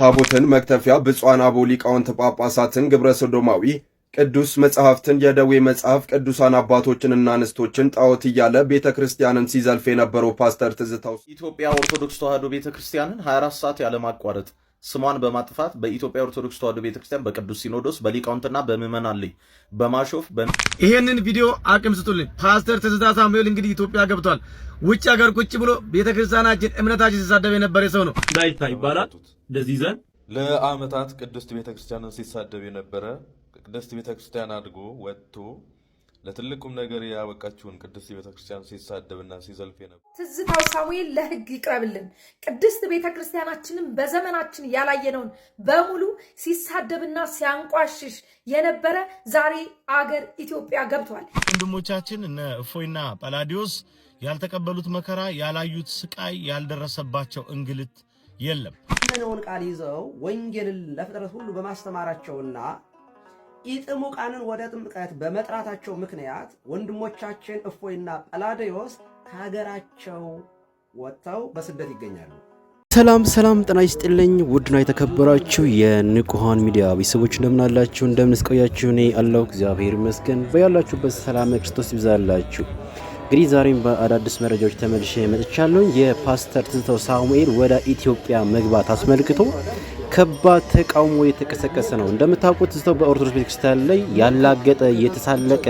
ታቦትን መክተፊያ ብፁዓን አበው ሊቃውንተ ጳጳሳትን ግብረ ሶዶማዊ ቅዱስ መጽሐፍትን የደዌ መጽሐፍ ቅዱሳን አባቶችንና አንስቶችን ጣዖት እያለ ቤተ ክርስቲያንን ሲዘልፍ የነበረው ፓስተር ትዝታው ኢትዮጵያ ኦርቶዶክስ ተዋሕዶ ቤተ ክርስቲያንን 24 ሰዓት ያለማቋረጥ ስሟን በማጥፋት በኢትዮጵያ ኦርቶዶክስ ተዋሕዶ ቤተክርስቲያን በቅዱስ ሲኖዶስ በሊቃውንትና በምዕመናን ላይ በማሾፍ ይሄንን ቪዲዮ አቅም ስጡልኝ። ፓስተር ትዝታ ሳሙኤል እንግዲህ ኢትዮጵያ ገብቷል። ውጭ ሀገር ቁጭ ብሎ ቤተክርስቲያናችን እምነታችን ሲሳደብ የነበረ ሰው ነው። እንዳይታይ ይባላል። እንደዚህ ዘን ለአመታት ቅድስት ቤተክርስቲያንን ሲሳደብ የነበረ ቅድስት ቤተክርስቲያን አድጎ ወጥቶ ለትልቁም ነገር ያበቃችሁን ቅድስት ቤተክርስቲያን ሲሳደብና ሲዘልፍ ነበር። ትዝታው ሳሙኤል ለህግ ይቅረብልን። ቅድስት ክርስቲያናችንም በዘመናችን ያላየነውን በሙሉ ሲሳደብና ሲያንቋሽሽ የነበረ ዛሬ አገር ኢትዮጵያ ገብቷል። ወንድሞቻችን እነ እፎይና ጳላዲዮስ ያልተቀበሉት መከራ፣ ያላዩት ስቃይ፣ ያልደረሰባቸው እንግልት የለም። ይህንን ቃል ይዘው ወንጌልን ለፍጥረት ሁሉ በማስተማራቸውና ኢጥሙቃንን ወደ ጥምቀት በመጥራታቸው ምክንያት ወንድሞቻችን እፎይና ጳላዲዮስ ከሀገራቸው ወጥተው በስደት ይገኛሉ። ሰላም ሰላም፣ ጤና ይስጥልኝ ውድና የተከበራችሁ የንቁሃን ሚዲያ ቤተሰቦች እንደምናላችሁ፣ እንደምንስቆያችሁ፣ እኔ አለሁ እግዚአብሔር ይመስገን። በያላችሁበት ሰላም ክርስቶስ ይብዛላችሁ። እንግዲህ ዛሬም በአዳዲስ መረጃዎች ተመልሼ መጥቻለሁ። የፓስተር ትዝታው ሳሙኤል ወደ ኢትዮጵያ መግባት አስመልክቶ ከባድ ተቃውሞ የተቀሰቀሰ ነው። እንደምታውቁት እዛው በኦርቶዶክስ ቤተክርስቲያን ላይ ያላገጠ የተሳለቀ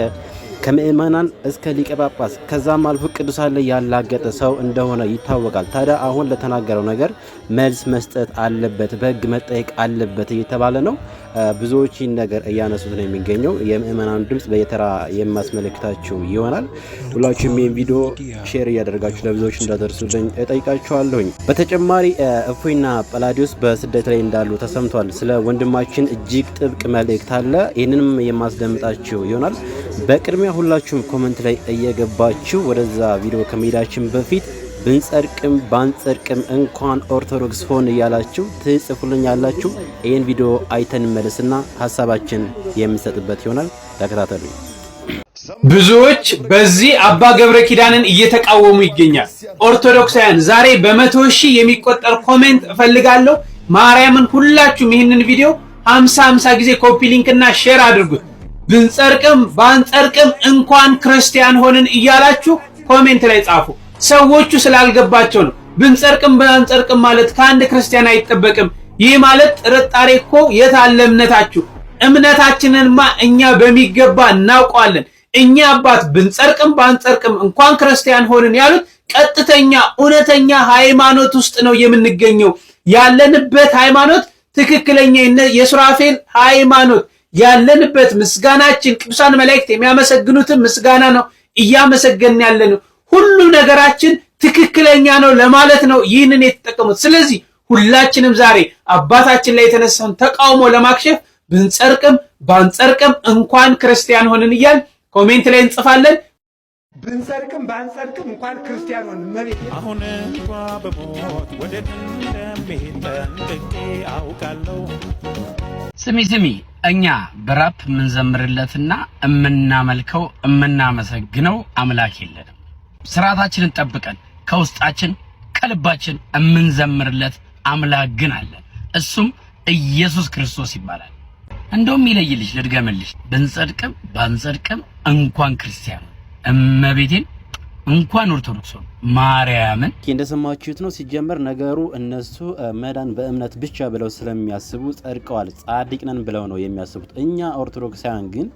ከምእመናን እስከ ሊቀ ጳጳስ ከዛም አልፎ ቅዱሳን ላይ ያላገጠ ሰው እንደሆነ ይታወቃል። ታዲያ አሁን ለተናገረው ነገር መልስ መስጠት አለበት፣ በህግ መጠየቅ አለበት እየተባለ ነው። ብዙዎች ይህን ነገር እያነሱት ነው የሚገኘው። የምእመናን ድምፅ በየተራ የማስመለክታችሁ ይሆናል። ሁላችሁም ይህን ቪዲዮ ሼር እያደረጋችሁ ለብዙዎች እንዳደርሱልኝ እጠይቃችኋለሁኝ። በተጨማሪ እፎይና ጳላዲዮስ በስደት ላይ እንዳሉ ተሰምቷል። ስለ ወንድማችን እጅግ ጥብቅ መልእክት አለ። ይህንንም የማስደምጣችሁ ይሆናል። በቅድሚያ ሁላችሁም ኮመንት ላይ እየገባችሁ ወደዛ ቪዲዮ ከመሄዳችን በፊት ብንጸድቅም ባንጸድቅም እንኳን ኦርቶዶክስ ሆን እያላችሁ ትጽፉልኝ ያላችሁ ይህን ቪዲዮ አይተን መልስና ሀሳባችን የምንሰጥበት ይሆናል። ተከታተሉኝ። ብዙዎች በዚህ አባ ገብረ ኪዳንን እየተቃወሙ ይገኛል። ኦርቶዶክሳውያን ዛሬ በመቶ ሺህ የሚቆጠር ኮሜንት እፈልጋለሁ። ማርያምን ሁላችሁም ይህንን ቪዲዮ ሀምሳ ሀምሳ ጊዜ ኮፒ ሊንክ እና ሼር አድርጉት። ብንጸርቅም ባንጸርቅም እንኳን ክርስቲያን ሆንን እያላችሁ ኮሜንት ላይ ጻፉ። ሰዎቹ ስላልገባቸው ነው። ብንጸርቅም ባንጸርቅም ማለት ከአንድ ክርስቲያን አይጠበቅም። ይህ ማለት ጥርጣሬ እኮ የት አለ እምነታችሁ? እምነታችንንማ እኛ በሚገባ እናውቀዋለን። እኛ አባት ብንጸርቅም ባንጸርቅም እንኳን ክርስቲያን ሆንን ያሉት ቀጥተኛ እውነተኛ ሃይማኖት ውስጥ ነው የምንገኘው። ያለንበት ሃይማኖት ትክክለኛ የሱራፌል ሃይማኖት ያለንበት ምስጋናችን ቅዱሳን መላእክት የሚያመሰግኑትን ምስጋና ነው እያመሰገንን ያለን ሁሉ ነገራችን ትክክለኛ ነው ለማለት ነው ይህንን የተጠቀሙት። ስለዚህ ሁላችንም ዛሬ አባታችን ላይ የተነሳውን ተቃውሞ ለማክሸፍ ብንጸርቅም ባንጸርቅም እንኳን ክርስቲያን ሆንን እያል ኮሜንት ላይ እንጽፋለን። ብንሰርቅም ባንሰርቅም እንኳን ክርስቲያን ሆን መቤት አሁን እንኳ በሞት ወደ እንደሚሄድ ጠንቅቄ አውቃለሁ። ስሚ ስሚ፣ እኛ በራፕ የምንዘምርለትና የምናመልከው የምናመሰግነው አምላክ የለንም። ስርዓታችንን ጠብቀን ከውስጣችን ከልባችን የምንዘምርለት አምላክ ግን አለን። እሱም ኢየሱስ ክርስቶስ ይባላል። እንደውም ይለይልሽ፣ ልድገምልሽ፣ ብንጸድቅም ባንጸድቅም እንኳን ክርስቲያን እመቤቴን እንኳን ኦርቶዶክስ ሆኖ ማርያምን እንደሰማችሁት ነው። ሲጀመር ነገሩ እነሱ መዳን በእምነት ብቻ ብለው ስለሚያስቡ ጸድቀዋል፣ ጻድቅ ነን ብለው ነው የሚያስቡት። እኛ ኦርቶዶክሳውያን ግን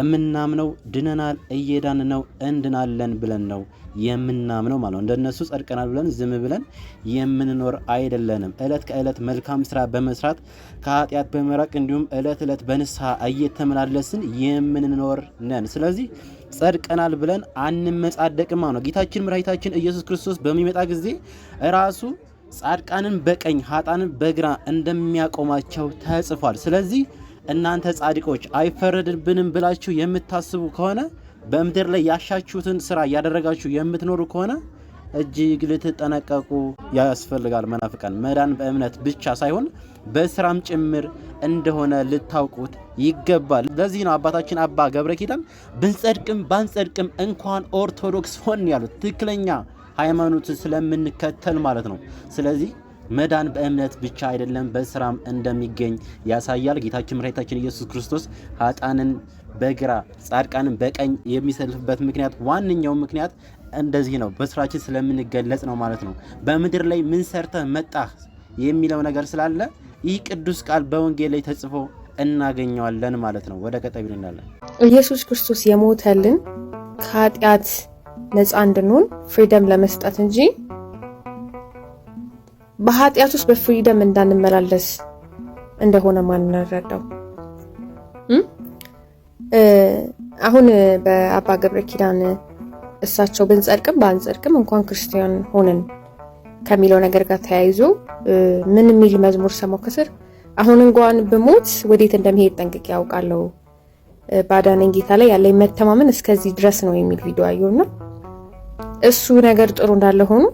የምናምነው ድነናል፣ እየዳን ነው፣ እንድናለን ብለን ነው የምናምነው ማለት ነው። እንደነሱ ጸድቀናል ብለን ዝም ብለን የምንኖር አይደለንም። እለት ከእለት መልካም ስራ በመስራት ከኃጢአት በመራቅ እንዲሁም እለት ዕለት በንስሐ እየተመላለስን የምንኖር ነን። ስለዚህ ጸድቀናል ብለን አንመጻደቅም ነው። ጌታችን መድኃኒታችን ኢየሱስ ክርስቶስ በሚመጣ ጊዜ ራሱ ጻድቃንን በቀኝ ሀጣንን በግራ እንደሚያቆማቸው ተጽፏል። ስለዚህ እናንተ ጻድቆች አይፈረድብንም ብላችሁ የምታስቡ ከሆነ በምድር ላይ ያሻችሁትን ስራ እያደረጋችሁ የምትኖሩ ከሆነ እጅግ ልትጠነቀቁ ያስፈልጋል። መናፍቃን መዳን በእምነት ብቻ ሳይሆን በስራም ጭምር እንደሆነ ልታውቁት ይገባል። ለዚህ ነው አባታችን አባ ገብረ ኪዳን ብንጸድቅም ባንጸድቅም እንኳን ኦርቶዶክስ ሆን ያሉት ትክክለኛ ሃይማኖት ስለምንከተል ማለት ነው። ስለዚህ መዳን በእምነት ብቻ አይደለም በስራም እንደሚገኝ ያሳያል። ጌታችን መድኃኒታችን ኢየሱስ ክርስቶስ ሀጣንን በግራ ጻድቃንን በቀኝ የሚሰልፍበት ምክንያት ዋነኛው ምክንያት እንደዚህ ነው፣ በስራችን ስለምንገለጽ ነው ማለት ነው። በምድር ላይ ምን ሰርተህ መጣህ የሚለው ነገር ስላለ ይህ ቅዱስ ቃል በወንጌል ላይ ተጽፎ እናገኘዋለን ማለት ነው። ወደ ቀጠቢ ብንላለን። ኢየሱስ ክርስቶስ የሞተልን ከኃጢአት ነፃ እንድንሆን ፍሪደም ለመስጠት እንጂ በኃጢአት ውስጥ በፍሪደም እንዳንመላለስ እንደሆነ ማን አሁን በአባ ገብረ ኪዳን እሳቸው ብንጸድቅም ባንጸድቅም እንኳን ክርስቲያን ሆንን ከሚለው ነገር ጋር ተያይዞ ምን የሚል መዝሙር ሰማሁ ከስር አሁን እንኳን ብሞት ወዴት እንደሚሄድ ጠንቅቄ ያውቃለሁ ባዳነኝ ጌታ ላይ ያለኝ መተማመን እስከዚህ ድረስ ነው የሚል ቪዲዮ አየሁና እሱ ነገር ጥሩ እንዳለ ሆኖ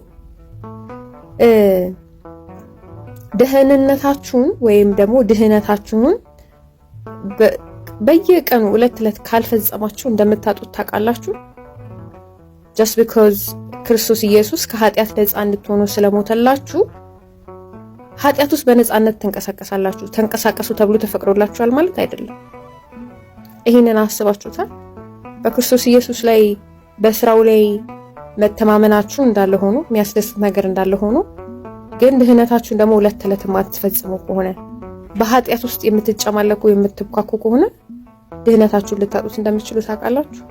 ደህንነታችሁን ወይም ደግሞ ድህነታችሁን በየቀኑ ዕለት ዕለት ካልፈጸማችሁ እንደምታጡት ታውቃላችሁ። ጀስት ቢኮዝ ክርስቶስ ኢየሱስ ከኃጢአት ነፃ እንድትሆኑ ስለሞተላችሁ ኃጢአት ውስጥ በነፃነት ትንቀሳቀሳላችሁ ተንቀሳቀሱ ተብሎ ተፈቅዶላችኋል ማለት አይደለም። ይህንን አስባችሁታል? በክርስቶስ ኢየሱስ ላይ በስራው ላይ መተማመናችሁ እንዳለ ሆኖ የሚያስደስት ነገር እንዳለ ሆኖ ግን ድህነታችሁን ደግሞ ሁለት ዕለት የማትፈጽሙ ከሆነ በኃጢአት ውስጥ የምትጨማለቁ የምትብኳኩ ከሆነ ድህነታችሁን ልታጡት እንደምትችሉ ታውቃላችሁ።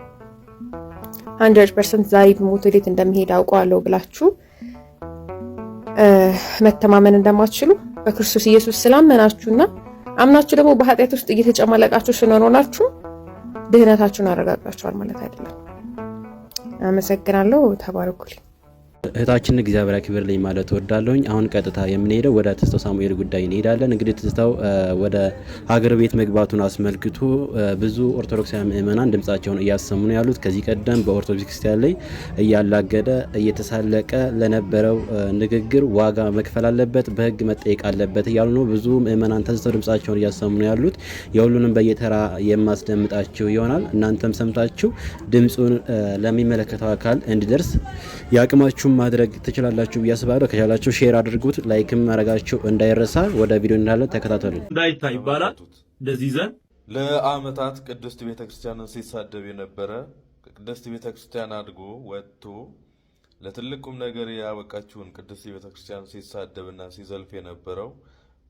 ሀንድረድ ፐርሰንት ዛሬ ብሞት ወዴት እንደሚሄድ አውቀዋለሁ ብላችሁ መተማመን እንደማትችሉ በክርስቶስ ኢየሱስ ስላመናችሁና አምናችሁ ደግሞ በኃጢአት ውስጥ እየተጨማለቃችሁ ስለሆናችሁ ድህነታችሁን አረጋግጣችኋል ማለት አይደለም። አመሰግናለሁ። ተባረኩልኝ። እህታችንን እግዚአብሔር ያክብርልኝ ማለት ወዳለሁኝ። አሁን ቀጥታ የምንሄደው ወደ ትዝታው ሳሙኤል ጉዳይ እንሄዳለን። እንግዲህ ትዝታው ወደ ሀገር ቤት መግባቱን አስመልክቶ ብዙ ኦርቶዶክሳዊ ምእመናን ድምጻቸውን እያሰሙ ነው ያሉት። ከዚህ ቀደም በኦርቶዶክስ ክርስቲያን ላይ እያላገደ እየተሳለቀ ለነበረው ንግግር ዋጋ መክፈል አለበት፣ በህግ መጠየቅ አለበት እያሉ ነው። ብዙ ምእመናን ተዝተው ድምጻቸውን እያሰሙ ነው ያሉት። የሁሉንም በየተራ የማስደምጣችሁ ይሆናል። እናንተም ሰምታችሁ ድምፁን ለሚመለከተው አካል እንዲደርስ የአቅማችሁም ማድረግ ትችላላችሁ ብዬ አስባለሁ። ከቻላችሁ ሼር አድርጉት፣ ላይክም ማድረጋችሁ እንዳይረሳ። ወደ ቪዲዮ እንዳለ ተከታተሉ። እንዳይታ ይባላል እንደዚህ ዘን ለአመታት ቅድስት ቤተክርስቲያንን ሲሳደብ የነበረ ቅድስት ቤተክርስቲያን አድጎ ወጥቶ ለትልቁም ነገር ያበቃችውን ቅድስት ቤተክርስቲያን ሲሳደብና ሲዘልፍ የነበረው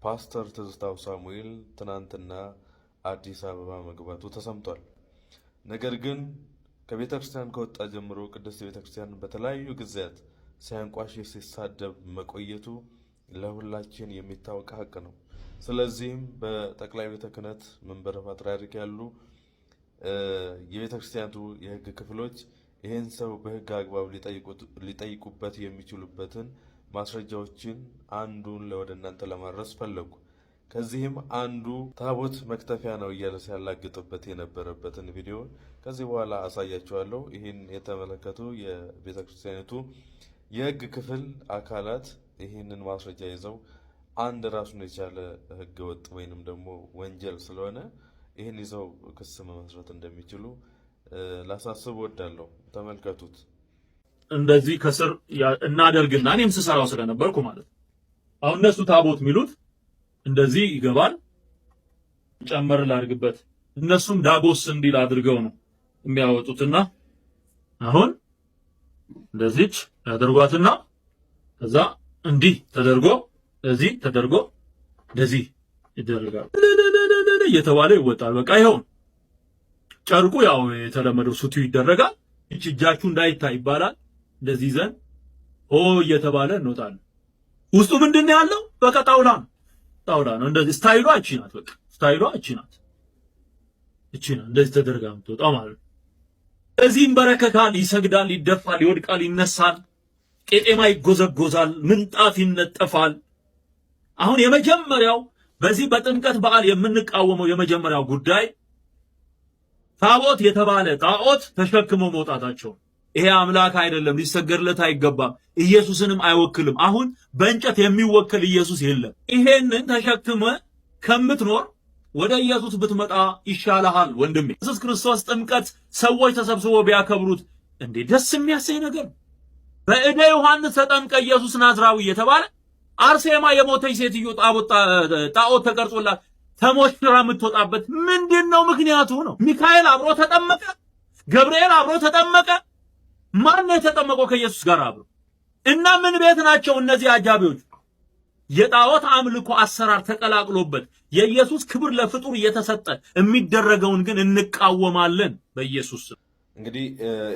ፓስተር ትዝታው ሳሙኤል ትናንትና አዲስ አበባ መግባቱ ተሰምቷል። ነገር ግን ከቤተ ክርስቲያን ከወጣ ጀምሮ ቅድስት ቤተ ክርስቲያን በተለያዩ ጊዜያት ሲያንቋሽ ሲሳደብ መቆየቱ ለሁላችን የሚታወቅ ሀቅ ነው። ስለዚህም በጠቅላይ ቤተ ክህነት መንበረ ፓትርያርክ ያሉ የቤተ ክርስቲያኑ የህግ ክፍሎች ይህን ሰው በህግ አግባብ ሊጠይቁበት የሚችሉበትን ማስረጃዎችን አንዱን ወደ እናንተ ለማድረስ ፈለጉ። ከዚህም አንዱ ታቦት መክተፊያ ነው እያለ ሲያላግጥበት የነበረበትን ቪዲዮ ከዚህ በኋላ አሳያችኋለሁ። ይህን የተመለከቱ የቤተ ክርስቲያኒቱ የህግ ክፍል አካላት ይህንን ማስረጃ ይዘው አንድ ራሱን የቻለ ህገ ወጥ ወይንም ደግሞ ወንጀል ስለሆነ ይህን ይዘው ክስ መመስረት እንደሚችሉ ላሳስብ ወዳለሁ። ተመልከቱት። እንደዚህ ከስር እናደርግና እኔም ስሰራው ስለነበርኩ ማለት አሁን እነሱ ታቦት የሚሉት እንደዚህ ይገባል፣ ጨመር ላድርግበት እነሱም ዳጎስ እንዲል አድርገው ነው የሚያወጡትና አሁን እንደዚች ያደርጓትና ከዛ እንዲህ ተደርጎ እዚህ ተደርጎ እንደዚህ ይደረጋል እየተባለ ይወጣል። በቃ ይኸው ጨርቁ ያው የተለመደው ሱቲው ይደረጋል። እቺ እጃችሁ እንዳይታይ ይባላል። እንደዚህ ዘን ኦ እየተባለ እንወጣለን። ውስጡ ምንድነው ያለው? በቃ ጣውላ ነው፣ ጣውላ ነው። እንደዚህ ስታይሏ እቺ ናት። በቃ ስታይሏ እቺ ናት፣ እቺ ናት። እንደዚህ ተደርጋ የምትወጣ ማለት ነው። እዚህም በረከካል፣ ይሰግዳል፣ ይደፋል፣ ይወድቃል፣ ይነሳል፣ ቄጤማ ይጎዘጎዛል፣ ምንጣፍ ይነጠፋል። አሁን የመጀመሪያው በዚህ በጥምቀት በዓል የምንቃወመው የመጀመሪያው ጉዳይ ታቦት የተባለ ጣዖት ተሸክሞ መውጣታቸው። ይሄ አምላክ አይደለም፣ ሊሰገድለት አይገባም፣ ኢየሱስንም አይወክልም። አሁን በእንጨት የሚወክል ኢየሱስ የለም። ይሄንን ተሸክመ ከምትኖር ወደ ኢየሱስ ብትመጣ ይሻልሃል ወንድሜ። ኢየሱስ ክርስቶስ ጥምቀት ሰዎች ተሰብስቦ ቢያከብሩት እንዴ ደስ የሚያሰኝ ነገር በእደ ዮሐንስ ተጠምቀ ኢየሱስ ናዝራዊ የተባለ አርሴማ የሞተች ሴትዮ ጣዖት ተቀርጾላት ተሞሽራ የምትወጣበት ምንድን ነው ምክንያቱ ነው። ሚካኤል አብሮ ተጠመቀ፣ ገብርኤል አብሮ ተጠመቀ። ማን ነው የተጠመቀው ከኢየሱስ ጋር አብሮ? እና ምን ቤት ናቸው እነዚህ አጃቢዎች? የጣዖት አምልኮ አሰራር ተቀላቅሎበት የኢየሱስ ክብር ለፍጡር እየተሰጠ የሚደረገውን ግን እንቃወማለን በኢየሱስ ስም። እንግዲህ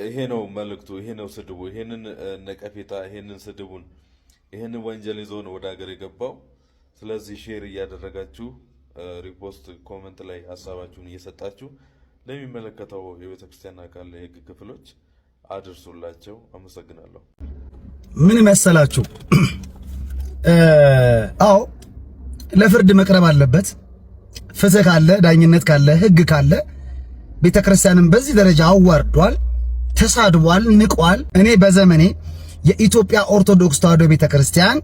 ይሄ ነው መልእክቱ፣ ይሄ ነው ስድቡ፣ ይሄንን ነቀፌታ፣ ይሄንን ስድቡን፣ ይሄንን ወንጀል ይዞ ነው ወደ ሀገር የገባው። ስለዚህ ሼር እያደረጋችሁ ሪፖስት፣ ኮመንት ላይ ሀሳባችሁን እየሰጣችሁ ለሚመለከተው የቤተክርስቲያን አካል የህግ ክፍሎች አድርሱላቸው። አመሰግናለሁ። ምን መሰላችሁ አዎ ለፍርድ መቅረብ አለበት። ፍትህ ካለ ዳኝነት ካለ ህግ ካለ ቤተክርስቲያንም በዚህ ደረጃ አዋርዷል፣ ተሳድቧል፣ ንቋል። እኔ በዘመኔ የኢትዮጵያ ኦርቶዶክስ ተዋሕዶ ቤተክርስቲያን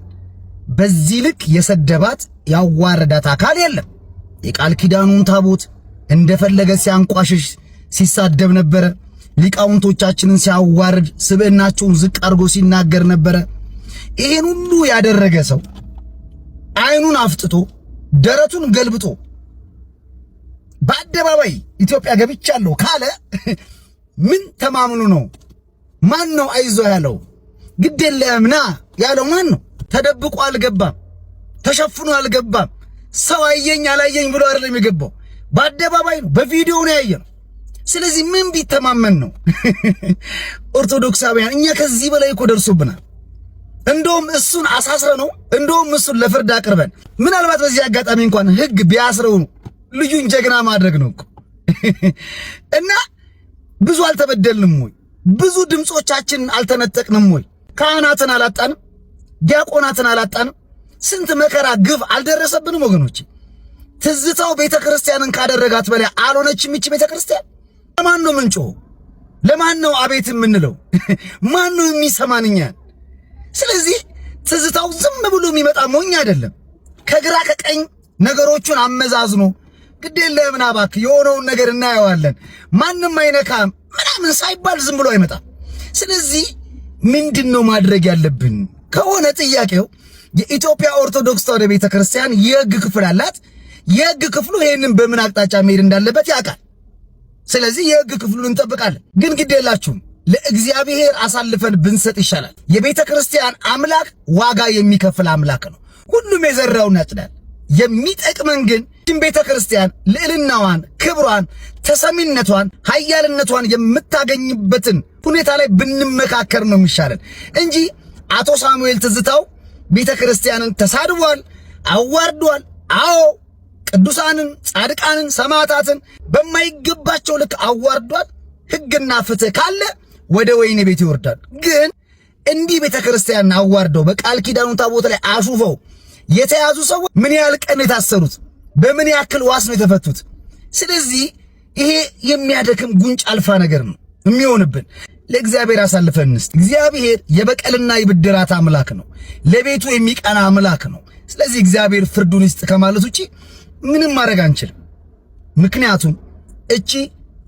በዚህ ልክ የሰደባት ያዋረዳት አካል የለም። የቃል ኪዳኑን ታቦት እንደፈለገ ሲያንቋሽሽ ሲሳደብ ነበረ። ሊቃውንቶቻችንን ሲያዋርድ ስብዕናቸውን ዝቅ አድርጎ ሲናገር ነበረ። ይሄን ሁሉ ያደረገ ሰው አይኑን አፍጥቶ ደረቱን ገልብጦ በአደባባይ ኢትዮጵያ ገብቻለሁ ካለ ምን ተማምኑ ነው? ማን ነው አይዞ ያለው? ግድ የለምና ያለው ማን ነው? ተደብቆ አልገባም፣ ተሸፍኖ አልገባም። ሰው አየኝ አላየኝ ብሎ አይደለም የገባው፣ በአደባባይ ነው፣ በቪዲዮ ነው ያየ ነው። ስለዚህ ምን ቢተማመን ነው? ኦርቶዶክሳውያን፣ እኛ ከዚህ በላይ እኮ ደርሶብናል። እንደውም እሱን አሳስረ ነው እንደውም እሱን ለፍርድ አቅርበን ምናልባት በዚህ አጋጣሚ እንኳን ህግ ቢያስረው ልዩን ጀግና ማድረግ ነው እና ብዙ አልተበደልንም ወይ? ብዙ ድምፆቻችን አልተነጠቅንም ወይ? ካህናትን አላጣንም፣ ዲያቆናትን አላጣንም። ስንት መከራ ግፍ አልደረሰብንም ወገኖች። ትዝታው ቤተ ክርስቲያንን ካደረጋት በላይ አልሆነችም ይቺ ቤተ ክርስቲያን። ለማን ነው ምንጮ? ለማን ነው አቤት የምንለው? ማን ነው የሚሰማንኛል? ስለዚህ ትዝታው ዝም ብሎ የሚመጣ ሞኝ አይደለም። ከግራ ከቀኝ ነገሮቹን አመዛዝኖ ግዴለህ ምን የሆነውን ነገር እናየዋለን ማንም አይነካ ምናምን ሳይባል ዝም ብሎ አይመጣም። ስለዚህ ምንድን ነው ማድረግ ያለብን ከሆነ ጥያቄው የኢትዮጵያ ኦርቶዶክስ ተዋሕዶ ቤተ ክርስቲያን የሕግ ክፍል አላት። የሕግ ክፍሉ ይህንን በምን አቅጣጫ መሄድ እንዳለበት ያውቃል። ስለዚህ የሕግ ክፍሉን እንጠብቃለን። ግን ግድ የላችሁም ለእግዚአብሔር አሳልፈን ብንሰጥ ይሻላል። የቤተ ክርስቲያን አምላክ ዋጋ የሚከፍል አምላክ ነው። ሁሉም የዘራውን ያጭዳል። የሚጠቅመን ግን ይህችን ቤተ ክርስቲያን ልዕልናዋን፣ ክብሯን፣ ተሰሚነቷን፣ ኃያልነቷን የምታገኝበትን ሁኔታ ላይ ብንመካከር ነው የሚሻለን እንጂ አቶ ሳሙኤል ትዝታው ቤተ ክርስቲያንን ተሳድቧል፣ አዋርዷል። አዎ ቅዱሳንን፣ ጻድቃንን፣ ሰማዕታትን በማይገባቸው ልክ አዋርዷል። ሕግና ፍትህ ካለ ወደ ወይኔ ቤት ይወርዳል። ግን እንዲህ ቤተ ክርስቲያን አዋርደው በቃል ኪዳኑ ታቦት ላይ አሹፈው የተያዙ ሰዎች ምን ያህል ቀን የታሰሩት? በምን ያክል ዋስ ነው የተፈቱት? ስለዚህ ይሄ የሚያደክም ጉንጭ አልፋ ነገር ነው የሚሆንብን። ለእግዚአብሔር አሳልፈን እንስጥ። እግዚአብሔር የበቀልና የብድራት አምላክ ነው። ለቤቱ የሚቀና አምላክ ነው። ስለዚህ እግዚአብሔር ፍርዱን ይስጥ ከማለት ውጪ ምንም ማድረግ አንችልም። ምክንያቱም እቺ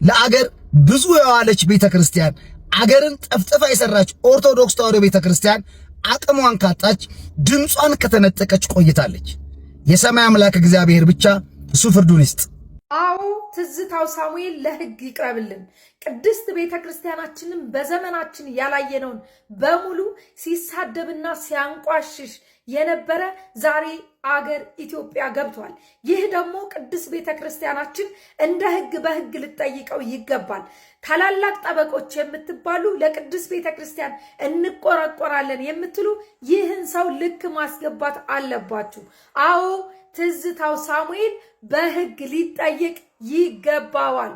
ለአገር ብዙ የዋለች ቤተ ክርስቲያን አገርን ጠፍጥፋ የሰራች ኦርቶዶክስ ተዋሕዶ ቤተክርስቲያን አቅሟን ካጣች፣ ድምጿን ከተነጠቀች ቆይታለች። የሰማይ አምላክ እግዚአብሔር ብቻ እሱ ፍርዱን ይስጥ። አዎ ትዝታው ሳሙኤል ለሕግ ይቅረብልን። ቅድስት ቤተ ክርስቲያናችንን በዘመናችን ያላየነውን በሙሉ ሲሳደብና ሲያንቋሽሽ የነበረ ዛሬ አገር ኢትዮጵያ ገብቷል። ይህ ደግሞ ቅድስት ቤተ ክርስቲያናችን እንደ ሕግ በሕግ ልጠይቀው ይገባል። ታላላቅ ጠበቆች የምትባሉ ለቅዱስ ቤተ ክርስቲያን እንቆረቆራለን የምትሉ ይህን ሰው ልክ ማስገባት አለባችሁ። አዎ ትዝታው ሳሙኤል በሕግ ሊጠየቅ ይገባዋል።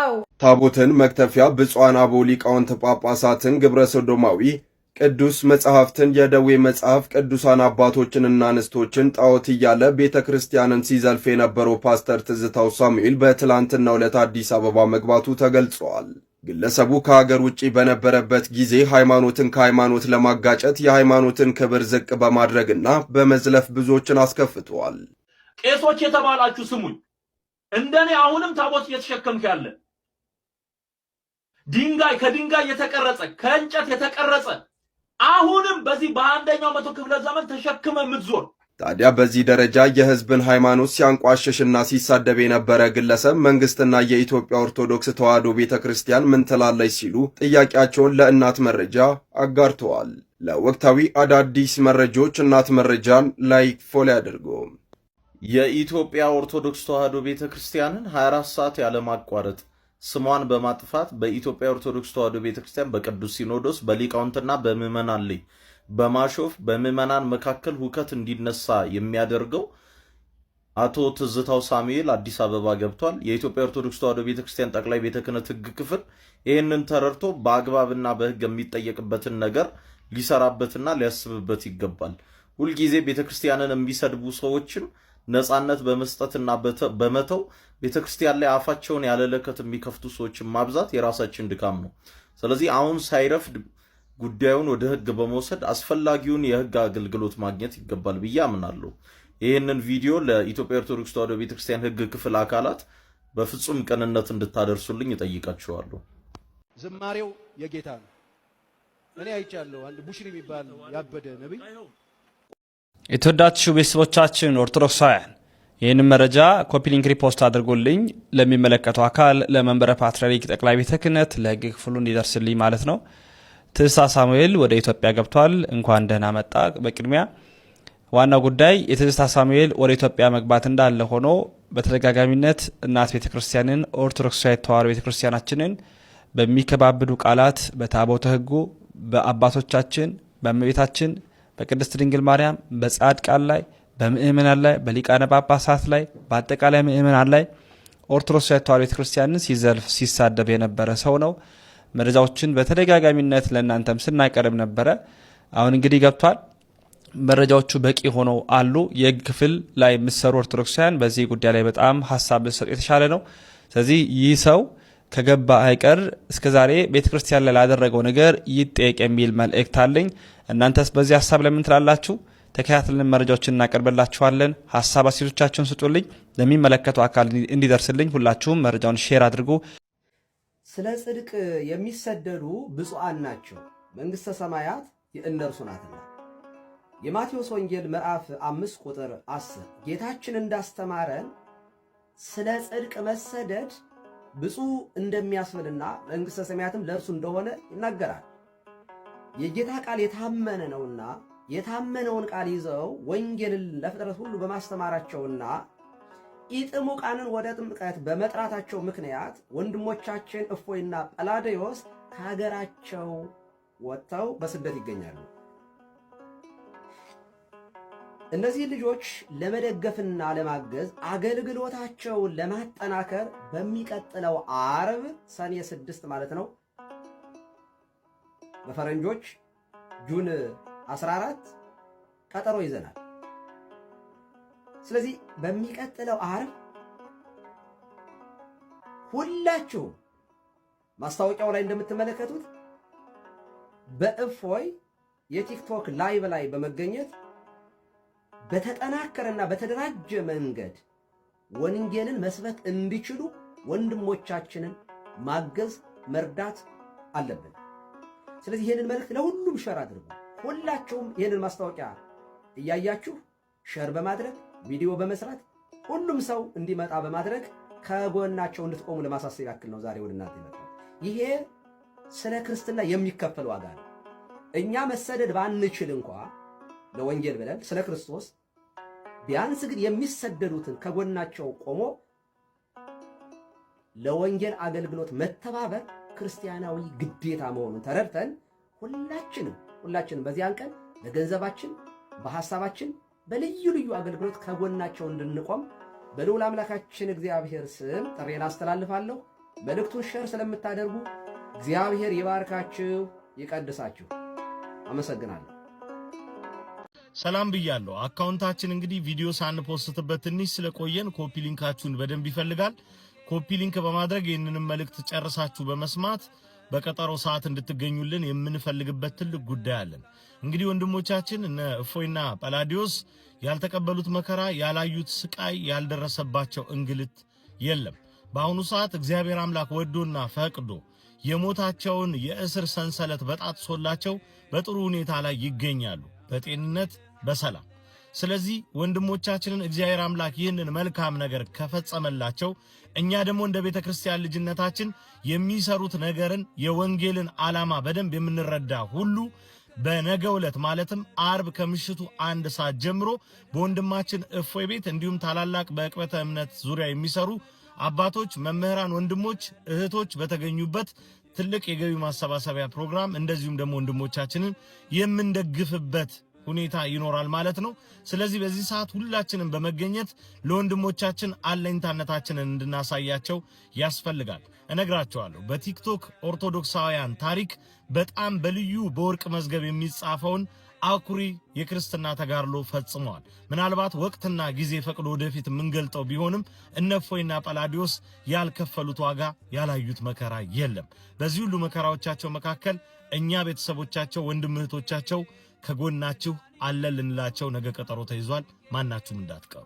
አዎ ታቦትን መክተፊያ ብፁዓን አበው ሊቃውንት ጳጳሳትን ግብረ ሰዶማዊ ቅዱስ መጽሐፍትን የደዌ መጽሐፍ ቅዱሳን አባቶችንና አንስቶችን ጣዖት እያለ ቤተ ክርስቲያንን ሲዘልፍ የነበረው ፓስተር ትዝታው ሳሙኤል በትላንትናው ዕለት አዲስ አበባ መግባቱ ተገልጿል። ግለሰቡ ከሀገር ውጭ በነበረበት ጊዜ ሃይማኖትን ከሃይማኖት ለማጋጨት የሃይማኖትን ክብር ዝቅ በማድረግና በመዝለፍ ብዙዎችን አስከፍተዋል። ቄሶች የተባላችሁ ስሙኝ፣ እንደኔ አሁንም ታቦት እየተሸከምክ ያለ ድንጋይ ከድንጋይ የተቀረጸ ከእንጨት የተቀረጸ አሁንም በዚህ በአንደኛው መቶ ክፍለ ዘመን ተሸክመ የምትዞር ታዲያ በዚህ ደረጃ የህዝብን ሃይማኖት ሲያንቋሽሽና ሲሳደብ የነበረ ግለሰብ መንግስትና የኢትዮጵያ ኦርቶዶክስ ተዋሕዶ ቤተ ክርስቲያን ምን ትላለች ሲሉ ጥያቄያቸውን ለእናት መረጃ አጋርተዋል። ለወቅታዊ አዳዲስ መረጃዎች እናት መረጃን ላይክ፣ ፎሎ ያድርጉ። የኢትዮጵያ ኦርቶዶክስ ተዋሕዶ ቤተ ክርስቲያንን 24 ሰዓት ያለማቋረጥ ስሟን በማጥፋት በኢትዮጵያ ኦርቶዶክስ ተዋሕዶ ቤተክርስቲያን በቅዱስ ሲኖዶስ በሊቃውንትና በምዕመናን ላይ በማሾፍ በምዕመናን መካከል ሁከት እንዲነሳ የሚያደርገው አቶ ትዝታው ሳሙኤል አዲስ አበባ ገብቷል። የኢትዮጵያ ኦርቶዶክስ ተዋሕዶ ቤተክርስቲያን ጠቅላይ ቤተ ክህነት ሕግ ክፍል ይህንን ተረድቶ በአግባብና በሕግ የሚጠየቅበትን ነገር ሊሰራበትና ሊያስብበት ይገባል። ሁልጊዜ ቤተክርስቲያንን የሚሰድቡ ሰዎችን ነጻነት በመስጠትና በመተው ቤተ ክርስቲያን ላይ አፋቸውን ያለለከት የሚከፍቱ ሰዎችን ማብዛት የራሳችን ድካም ነው። ስለዚህ አሁን ሳይረፍድ ጉዳዩን ወደ ህግ በመውሰድ አስፈላጊውን የህግ አገልግሎት ማግኘት ይገባል ብዬ አምናለሁ። ይህንን ቪዲዮ ለኢትዮጵያ ኦርቶዶክስ ተዋሕዶ ቤተክርስቲያን ህግ ክፍል አካላት በፍጹም ቅንነት እንድታደርሱልኝ እጠይቃችኋለሁ። ዝማሬው የጌታ ነው። እኔ አይቻለሁ። አንድ ቡሽሪ የሚባል ያበደ ነቢይ የተወዳችሁ ቤተሰቦቻችን ኦርቶዶክሳውያን ይህንም መረጃ ኮፒሊንክ ሪፖስት አድርጎልኝ ለሚመለከተው አካል ለመንበረ ፓትርያርክ ጠቅላይ ቤተ ክህነት ለሕግ ክፍሉ እንዲደርስልኝ ማለት ነው። ትዝታ ሳሙኤል ወደ ኢትዮጵያ ገብቷል። እንኳን ደህና መጣ። በቅድሚያ ዋና ጉዳይ የትዝታ ሳሙኤል ወደ ኢትዮጵያ መግባት እንዳለ ሆኖ በተደጋጋሚነት እናት ቤተ ክርስቲያንን ኦርቶዶክሳዊት ተዋሕዶ ቤተ ክርስቲያናችንን በሚከባብዱ ቃላት በታቦተ ህጉ፣ በአባቶቻችን በእመቤታችን በቅድስት ድንግል ማርያም፣ በጻድቃን ላይ፣ በምእመናን ላይ፣ በሊቃነ ጳጳሳት ላይ፣ በአጠቃላይ ምእመናን ላይ ኦርቶዶክስ ተዋሕዶ ቤተክርስቲያንን ሲዘልፍ ሲሳደብ የነበረ ሰው ነው። መረጃዎችን በተደጋጋሚነት ለእናንተም ስናቀርብ ነበረ። አሁን እንግዲህ ገብቷል። መረጃዎቹ በቂ ሆነው አሉ። የህግ ክፍል ላይ የምትሰሩ ኦርቶዶክሳውያን በዚህ ጉዳይ ላይ በጣም ሀሳብ ልሰጥ የተሻለ ነው። ስለዚህ ይህ ሰው ከገባ አይቀር እስከዛሬ ቤተክርስቲያን ላይ ላደረገው ነገር ይጠየቅ የሚል መልእክት አለኝ። እናንተስ በዚህ ሀሳብ ለምን ትላላችሁ? ተከታትለን መረጃዎችን እናቀርብላችኋለን። ሀሳብ አሴቶቻችሁን ስጡልኝ፣ ለሚመለከቱ አካል እንዲደርስልኝ ሁላችሁም መረጃውን ሼር አድርጉ። ስለ ጽድቅ የሚሰደዱ ብፁዓን ናቸው፣ መንግሥተ ሰማያት የእነርሱ ናትና። የማቴዎስ ወንጌል ምዕራፍ አምስት ቁጥር አስር ጌታችን እንዳስተማረን ስለ ጽድቅ መሰደድ ብፁዕ እንደሚያስብልና መንግሥተ ሰማያትም ለእርሱ እንደሆነ ይናገራል። የጌታ ቃል የታመነ ነውና የታመነውን ቃል ይዘው ወንጌልን ለፍጥረት ሁሉ በማስተማራቸውና ኢጥሙቃንን ወደ ጥምቀት በመጥራታቸው ምክንያት ወንድሞቻችን እፎይና ጳላዲዮስ ከሀገራቸው ወጥተው በስደት ይገኛሉ። እነዚህ ልጆች ለመደገፍና ለማገዝ አገልግሎታቸውን ለማጠናከር በሚቀጥለው አርብ ሰኔ ስድስት ማለት ነው በፈረንጆች ጁን 14 ቀጠሮ ይዘናል። ስለዚህ በሚቀጥለው አርብ ሁላችሁም ማስታወቂያው ላይ እንደምትመለከቱት በእፎይ የቲክቶክ ላይቭ ላይ በመገኘት በተጠናከረና በተደራጀ መንገድ ወንጌልን መስበክ እንዲችሉ ወንድሞቻችንን ማገዝ መርዳት አለብን። ስለዚህ ይህንን መልእክት ለሁሉም ሸር አድርጉ። ሁላችሁም ይህንን ማስታወቂያ እያያችሁ ሸር በማድረግ ቪዲዮ በመስራት ሁሉም ሰው እንዲመጣ በማድረግ ከጎናቸው እንድትቆሙ ለማሳሰብ ያክል ነው ዛሬ ወደ እናንተ ይመጣ። ይሄ ስለ ክርስትና የሚከፈል ዋጋ ነው። እኛ መሰደድ ባንችል እንኳ ለወንጌል ብለን ስለ ክርስቶስ ቢያንስ ግን የሚሰደዱትን ከጎናቸው ቆሞ ለወንጌል አገልግሎት መተባበር ክርስቲያናዊ ግዴታ መሆኑን ተረድተን ሁላችንም ሁላችንም በዚያን ቀን በገንዘባችን፣ በሐሳባችን፣ በልዩ ልዩ አገልግሎት ከጎናቸው እንድንቆም በልዑል አምላካችን እግዚአብሔር ስም ጥሬን አስተላልፋለሁ። መልእክቱን ሸር ስለምታደርጉ እግዚአብሔር ይባርካችሁ፣ ይቀድሳችሁ። አመሰግናለሁ። ሰላም ብያለሁ። አካውንታችን እንግዲህ ቪዲዮ ሳንፖስትበት ትንሽ ስለቆየን ኮፒ ሊንካችሁን በደንብ ይፈልጋል። ኮፒ ሊንክ በማድረግ ይህንንም መልእክት ጨርሳችሁ በመስማት በቀጠሮ ሰዓት እንድትገኙልን የምንፈልግበት ትልቅ ጉዳይ አለን። እንግዲህ ወንድሞቻችን እነ እፎይና ጳላዲዮስ ያልተቀበሉት መከራ፣ ያላዩት ስቃይ፣ ያልደረሰባቸው እንግልት የለም። በአሁኑ ሰዓት እግዚአብሔር አምላክ ወዶና ፈቅዶ የሞታቸውን የእስር ሰንሰለት በጣጥሶላቸው በጥሩ ሁኔታ ላይ ይገኛሉ፣ በጤንነት በሰላም ስለዚህ ወንድሞቻችንን እግዚአብሔር አምላክ ይህንን መልካም ነገር ከፈጸመላቸው እኛ ደግሞ እንደ ቤተ ክርስቲያን ልጅነታችን የሚሰሩት ነገርን የወንጌልን ዓላማ በደንብ የምንረዳ ሁሉ በነገ ዕለት ማለትም አርብ ከምሽቱ አንድ ሰዓት ጀምሮ በወንድማችን እፎይ ቤት እንዲሁም ታላላቅ በእቅበተ እምነት ዙሪያ የሚሰሩ አባቶች፣ መምህራን፣ ወንድሞች፣ እህቶች በተገኙበት ትልቅ የገቢ ማሰባሰቢያ ፕሮግራም እንደዚሁም ደግሞ ወንድሞቻችንን የምንደግፍበት ሁኔታ ይኖራል ማለት ነው። ስለዚህ በዚህ ሰዓት ሁላችንም በመገኘት ለወንድሞቻችን አለኝታነታችንን እንድናሳያቸው ያስፈልጋል። እነግራቸዋለሁ በቲክቶክ ኦርቶዶክሳውያን ታሪክ በጣም በልዩ በወርቅ መዝገብ የሚጻፈውን አኩሪ የክርስትና ተጋድሎ ፈጽመዋል። ምናልባት ወቅትና ጊዜ ፈቅዶ ወደፊት የምንገልጠው ቢሆንም እነፎይና ጳላዲዮስ ያልከፈሉት ዋጋ ያላዩት መከራ የለም። በዚህ ሁሉ መከራዎቻቸው መካከል እኛ ቤተሰቦቻቸው፣ ወንድም እህቶቻቸው ከጎናችሁ አለን ልንላቸው ነገ ቀጠሮ ተይዟል። ማናችሁም እንዳትቀሩ።